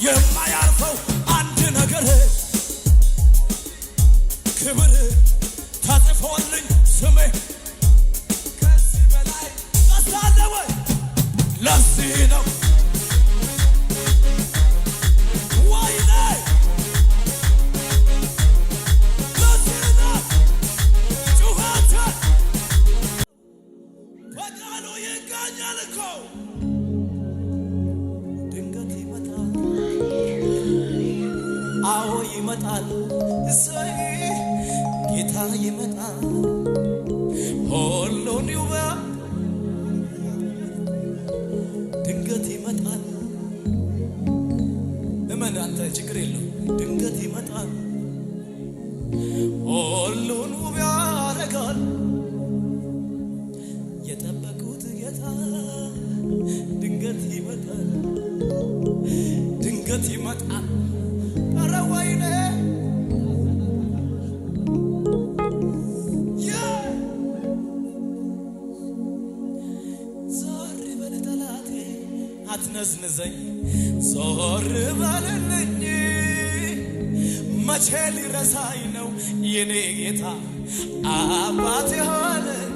Yeah. my ይመጣል ሁሉን ይውባ ድንገት ይመጣል። እመን አንተ ችግር የለው ድንገት ይመጣል። አትነዝንዘኝ ዞር በልልኝ መቼ ሊረሳኝ ነው የኔ ጌታ አባት የሆነኝ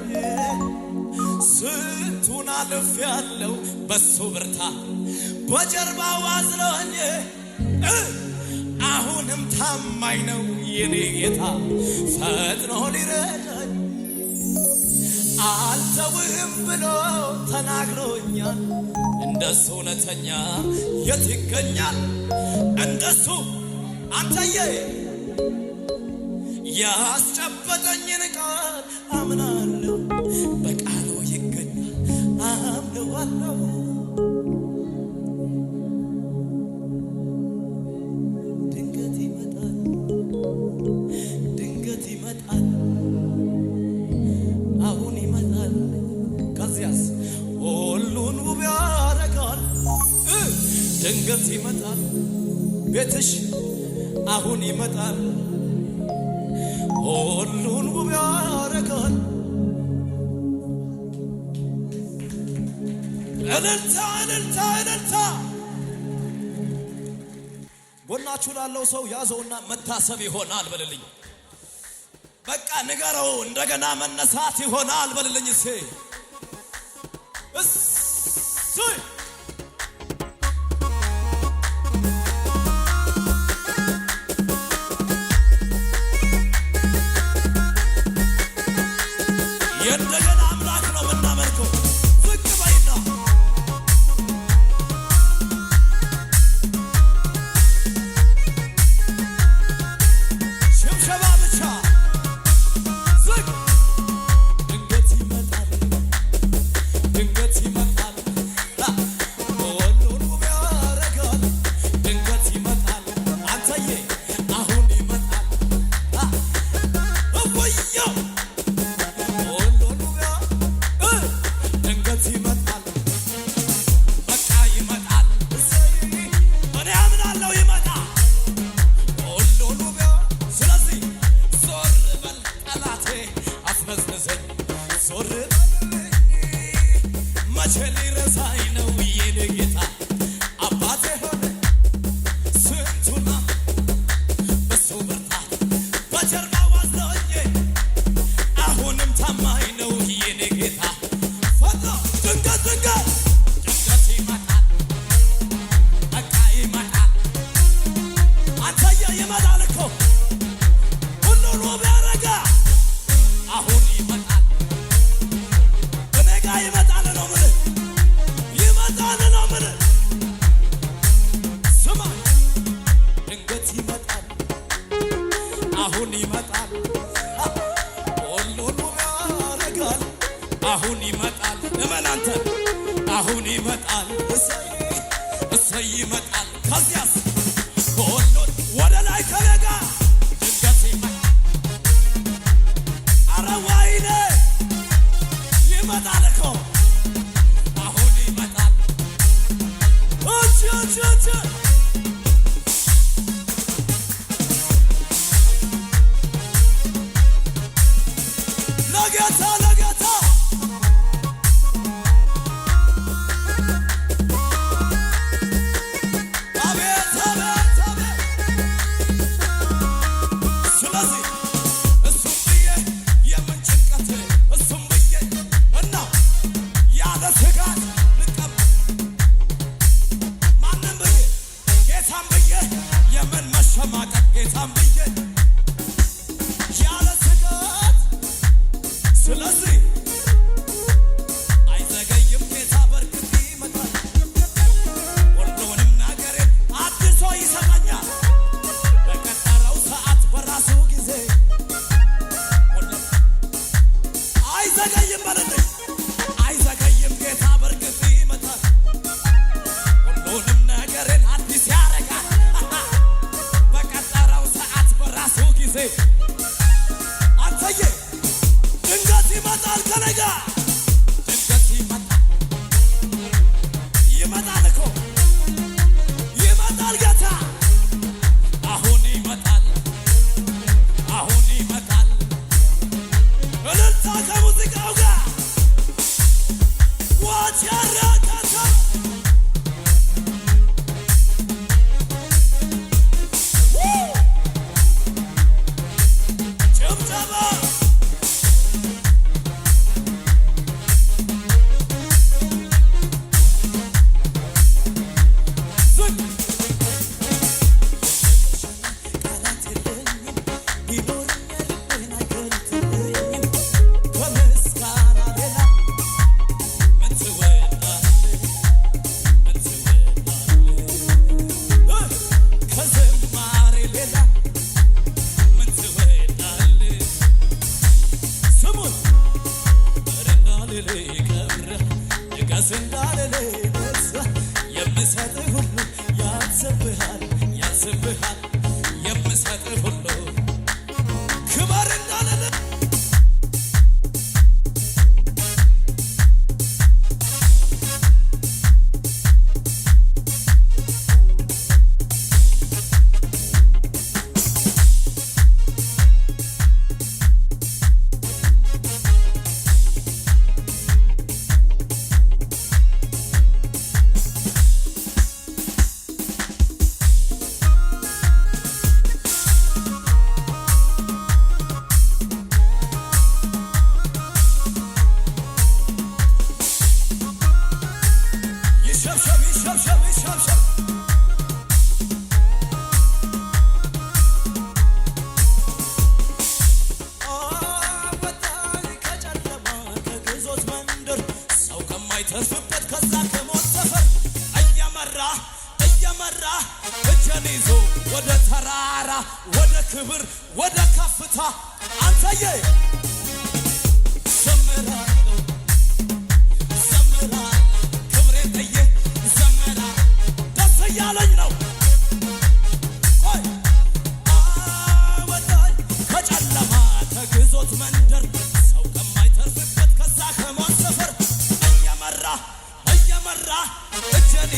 ስንቱን አልፍ ያለው በሱ ብርታ በጀርባው አዝሎኝ አሁንም ታማኝ ነው የኔ ጌታ ፈጥኖ ሊረዳኝ አልተውህም ብሎ ተናግሮኛል። እንደሱ እውነተኛ የት ይገኛል? እንደሱ አንተዬ ያስጨበጠኝን ቃል አምናለሁ፣ በቃሉ ይገኛል አምነዋለሁ ድንገት ይመጣል ቤትሽ አሁን ይመጣል ሁሉን ውብ ያረጋል እልልታ እልልታ እልልታ ጎናችሁ ላለው ሰው ያዘውና መታሰብ ይሆናል በልልኝ በቃ ንገረው እንደገና መነሳት ይሆናል በልልኝ እሴ መቼ ሊረሳኝ ነው ይመጣል፣ እሰይ ይመጣል ከዚያ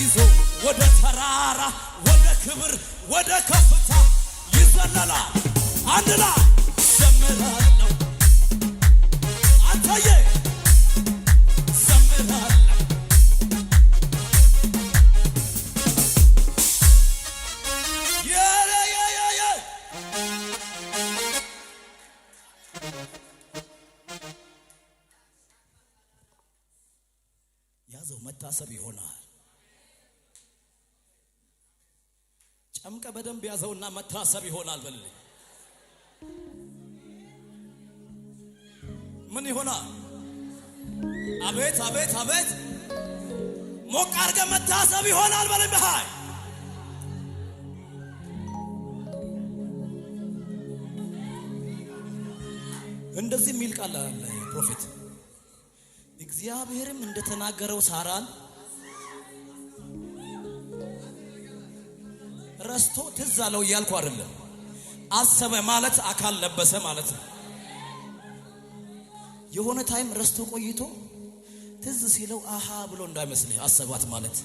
ይዞ ወደ ተራራ ወደ ክብር ወደ ከፍታ ይዘለላል። አንድ ላይ ጀምረን ነው አንተዬ ጨምቀ በደንብ ያዘውና መታሰብ ይሆናል በልልኝ። ምን ይሆናል? አቤት አቤት አቤት! ሞቅ አድርገ መታሰብ ይሆናል በልኝ። በሃይ እንደዚህ የሚል ቃል አለ ፕሮፌት እግዚአብሔርም እንደተናገረው ሳራን ረስቶ ትዝ አለው እያልኩ አይደለም። አሰበ ማለት አካል ለበሰ ማለት ነው። የሆነ ታይም ረስቶ ቆይቶ ትዝ ሲለው አሃ ብሎ እንዳይመስልህ አሰባት ማለት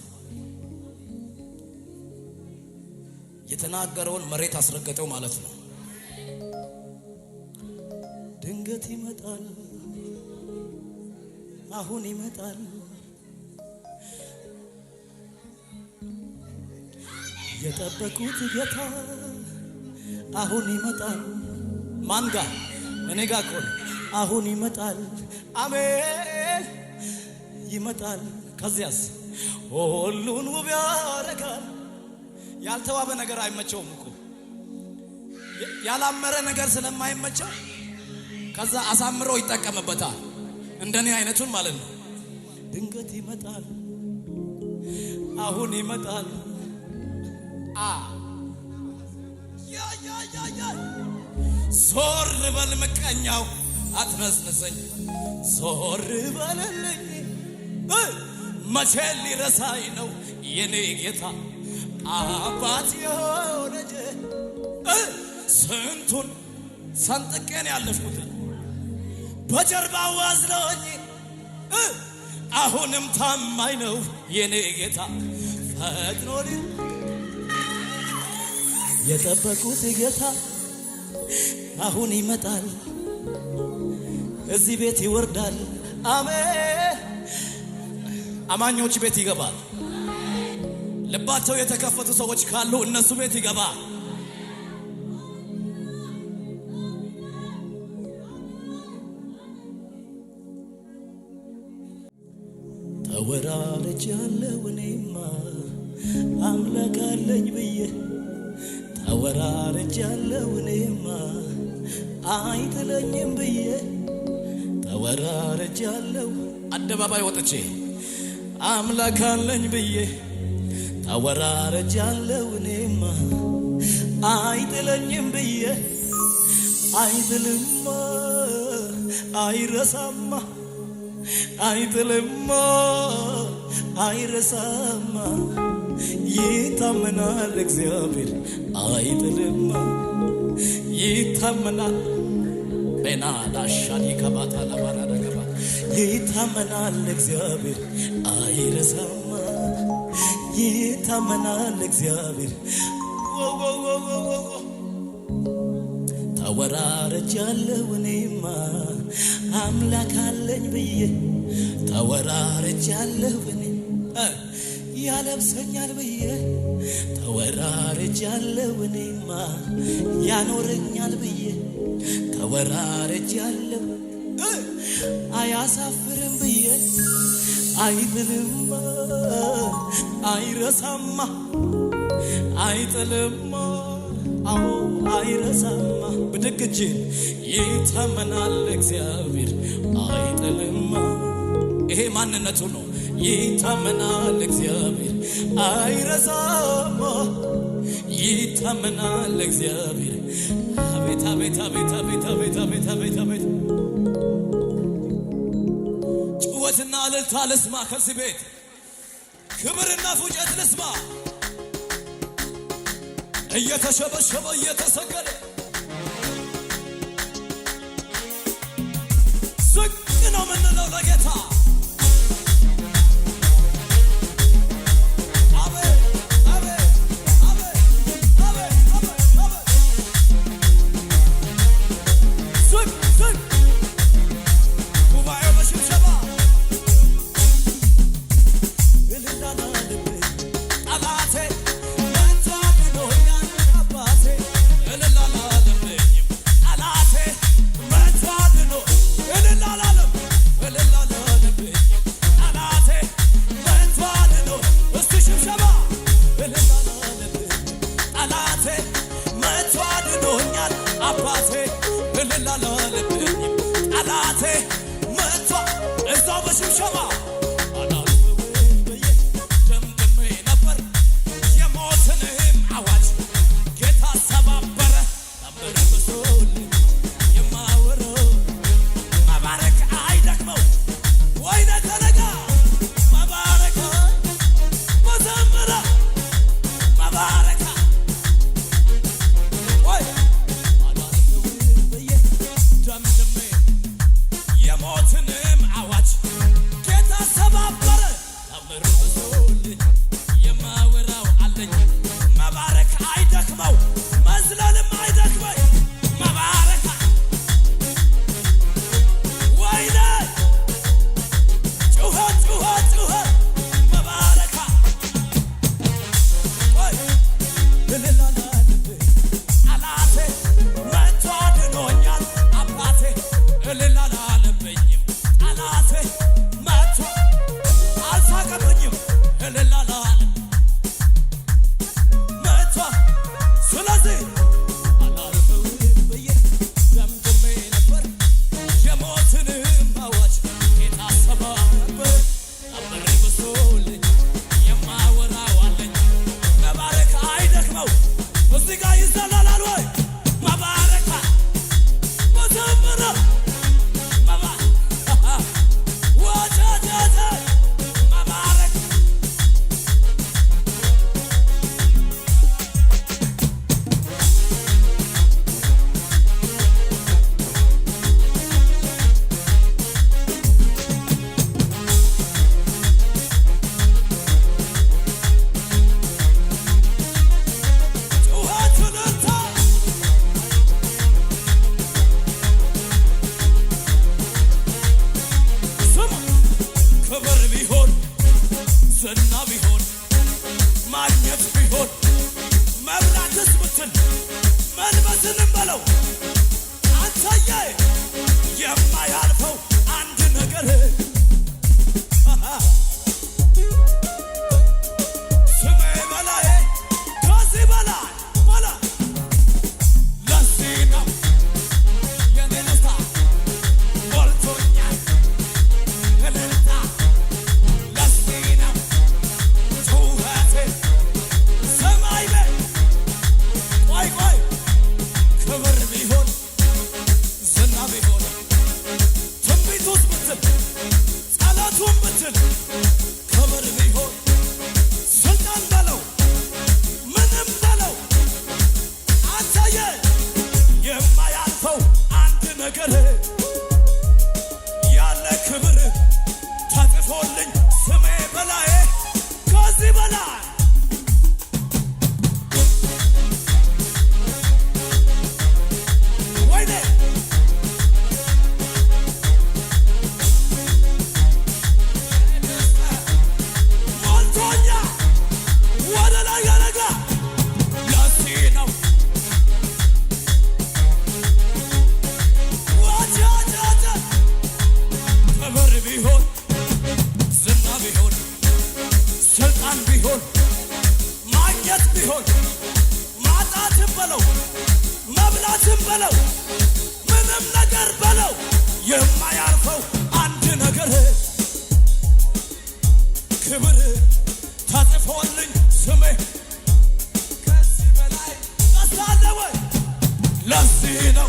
የተናገረውን መሬት አስረገጠው ማለት ነው። ድንገት ይመጣል፣ አሁን ይመጣል የጠበቁት ጌታ አሁን ይመጣል። ማን ጋ? እኔ ጋ እኮ አሁን ይመጣል። አሜን ይመጣል። ከዚያስ ሁሉን ውብ ያደርጋል። ያልተዋበ ነገር አይመቸውም እኮ ያላመረ ነገር ስለማይመቸው ከዛ አሳምሮ ይጠቀምበታል። እንደኔ አይነቱን ማለት ነው። ድንገት ይመጣል። አሁን ይመጣል ዞር በል ምቀኛው አትነስንሰኝ፣ ዞር በልልኝ መቼ ሊረሳኝ ነው የኔ ጌታ አባት የሆነ ስንቱን ሰንጥቄን ያለፍኩት በጀርባው አዝለውኝ አሁንም ታማኝ ነው የኔ ጌታ ፈጥኖ የጠበቁት ጌታ አሁን ይመጣል፣ እዚህ ቤት ይወርዳል። አሜ አማኞች ቤት ይገባል። ልባቸው የተከፈቱ ሰዎች ካሉ እነሱ ቤት ይገባል። ተወራረጅ ያለው እኔማ አምላክ አለኝ ብዬ ተወራርጃለሁ እኔማ አይጥለኝም ብዬ ተወራርጃለሁ አደባባይ ወጥቼ አምላክ አለኝ ብዬ ተወራርጃለሁ እኔማ አይጥለኝም ብዬ አይጥልማ አይረሳማ አይጥልማ አይረሳማ ይታመናል እግዚአብሔር አይጥልማ ይታመናል በናላሻን ይከባታ ለባና ነገባ ይታመናል እግዚአብሔር አይረሳማ ይታመናል እግዚአብሔር ተወራረጅ ያለው እኔማ አምላክ አለኝ ብዬ ተወራረጅ ያለው እኔ ያለብሰኛል ብዬ ተወራርጃለሁ። እኔማ ያኖረኛል ብዬ ተወራርጃለሁ። አያሳፍርም ብዬ አይጥልማ አይረሳማ አይጥልማ አዎ አይረሳማ ብድግ እጄን ይተመናል እግዚአብሔር አይጥልማ። ይሄ ማንነቱ ነው። ይታመናል እግዚአብሔር አይረሳማ ይታመናል እግዚአብሔር አቤት አቤት አቤት አቤት አቤት አቤት አቤት አቤት ጭወትና እልልታ ልስማ ከዚህ ቤት ክብርና ፉጨት ልስማ እየተሸበሸበ እየተሰገደ ዝቅ ነው የምንለው ለጌታ ቢሆን መብላትስ ብትል መልበስንም በለው Lanzina.